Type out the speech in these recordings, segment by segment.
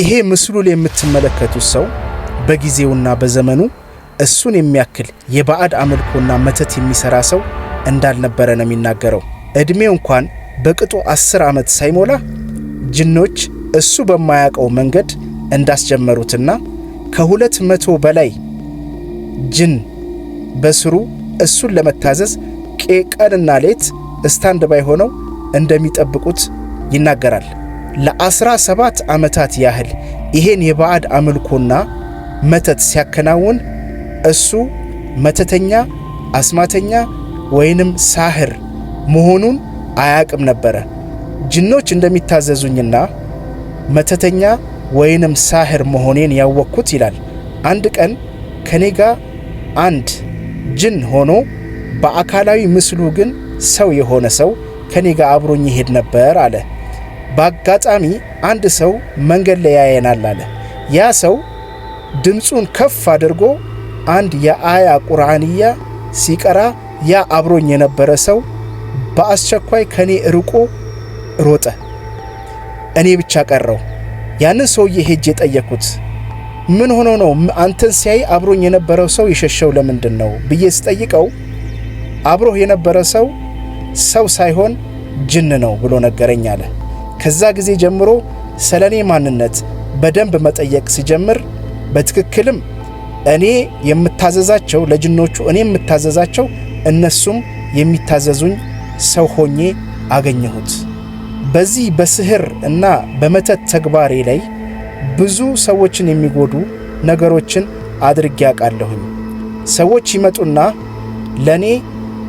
ይሄ ምስሉ ላይ የምትመለከቱት ሰው በጊዜውና በዘመኑ እሱን የሚያክል የባዕድ አምልኮና መተት የሚሰራ ሰው እንዳልነበረ ነው የሚናገረው። ዕድሜው እንኳን በቅጡ አስር ዓመት ሳይሞላ ጅኖች እሱ በማያውቀው መንገድ እንዳስጀመሩትና ከሁለት መቶ በላይ ጅን በስሩ እሱን ለመታዘዝ ቀንና ሌት ስታንድ ባይ ሆነው እንደሚጠብቁት ይናገራል። ለአስራ ሰባት ዓመታት ያህል ይሄን የባዕድ አምልኮና መተት ሲያከናውን እሱ መተተኛ፣ አስማተኛ ወይንም ሳህር መሆኑን አያቅም ነበረ። ጅኖች እንደሚታዘዙኝና መተተኛ ወይንም ሳህር መሆኔን ያወቅኩት ይላል። አንድ ቀን ከኔ ጋር አንድ ጅን ሆኖ በአካላዊ ምስሉ ግን ሰው የሆነ ሰው ከኔ ጋር አብሮኝ ይሄድ ነበር አለ። በአጋጣሚ አንድ ሰው መንገድ ላይ ያየናል አለ። ያ ሰው ድምፁን ከፍ አድርጎ አንድ የአያ ቁርአንያ ሲቀራ ያ አብሮኝ የነበረ ሰው በአስቸኳይ ከኔ ርቆ ሮጠ። እኔ ብቻ ቀረው። ያንን ሰውዬ ሄጅ የጠየኩት ምን ሆኖ ነው አንተን ሲያይ አብሮኝ የነበረው ሰው የሸሸው ለምንድን ነው ብዬ ስጠይቀው አብሮህ የነበረ ሰው ሰው ሳይሆን ጅን ነው ብሎ ነገረኝ አለ። ከዛ ጊዜ ጀምሮ ስለ እኔ ማንነት በደንብ መጠየቅ ሲጀምር በትክክልም እኔ የምታዘዛቸው ለጅኖቹ እኔ የምታዘዛቸው እነሱም የሚታዘዙኝ ሰው ሆኜ አገኘሁት። በዚህ በስህር እና በመተት ተግባሬ ላይ ብዙ ሰዎችን የሚጎዱ ነገሮችን አድርጌ ያውቃለሁኝ። ሰዎች ይመጡና ለእኔ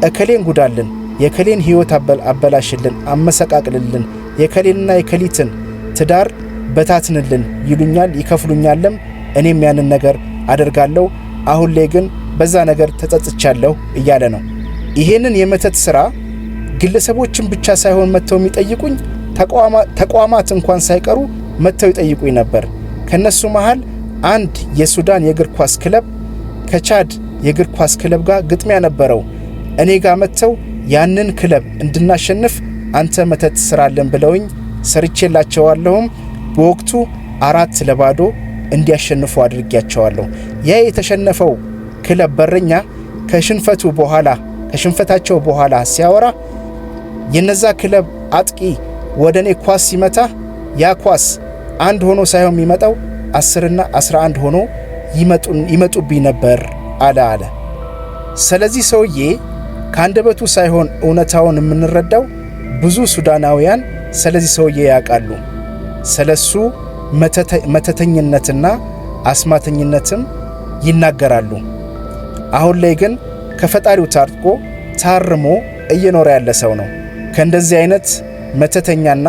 እከሌን ጉዳልን፣ የከሌን ሕይወት አበላሽልን፣ አመሰቃቅልልን የከሌንና የከሊትን ትዳር በታትንልን ይሉኛል፣ ይከፍሉኛልም። እኔም ያንን ነገር አደርጋለሁ። አሁን ላይ ግን በዛ ነገር ተጸጽቻለሁ እያለ ነው። ይሄንን የመተት ስራ ግለሰቦችን ብቻ ሳይሆን መጥተው የሚጠይቁኝ ተቋማት እንኳን ሳይቀሩ መጥተው ይጠይቁኝ ነበር። ከነሱ መሃል አንድ የሱዳን የእግር ኳስ ክለብ ከቻድ የእግር ኳስ ክለብ ጋር ግጥሚያ ነበረው። እኔ ጋር መጥተው ያንን ክለብ እንድናሸንፍ አንተ መተት ስራለን ብለውኝ ሰርቼላቸዋለሁም በወቅቱ አራት ለባዶ እንዲያሸንፉ አድርጊያቸዋለሁ። ያ የተሸነፈው ክለብ በረኛ ከሽንፈቱ በኋላ ከሽንፈታቸው በኋላ ሲያወራ የነዛ ክለብ አጥቂ ወደ እኔ ኳስ ሲመታ ያ ኳስ አንድ ሆኖ ሳይሆን የሚመጣው አስርና አስራ አንድ ሆኖ ይመጡብኝ ነበር አለ አለ። ስለዚህ ሰውዬ ከአንደበቱ ሳይሆን እውነታውን የምንረዳው ብዙ ሱዳናውያን ስለዚህ ሰውዬ ያውቃሉ። ስለሱ መተተኝነትና አስማተኝነትም ይናገራሉ። አሁን ላይ ግን ከፈጣሪው ታርቆ ታርሞ እየኖረ ያለ ሰው ነው። ከእንደዚህ አይነት መተተኛና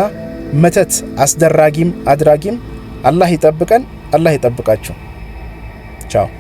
መተት አስደራጊም አድራጊም አላህ ይጠብቀን። አላህ ይጠብቃችሁ። ቻው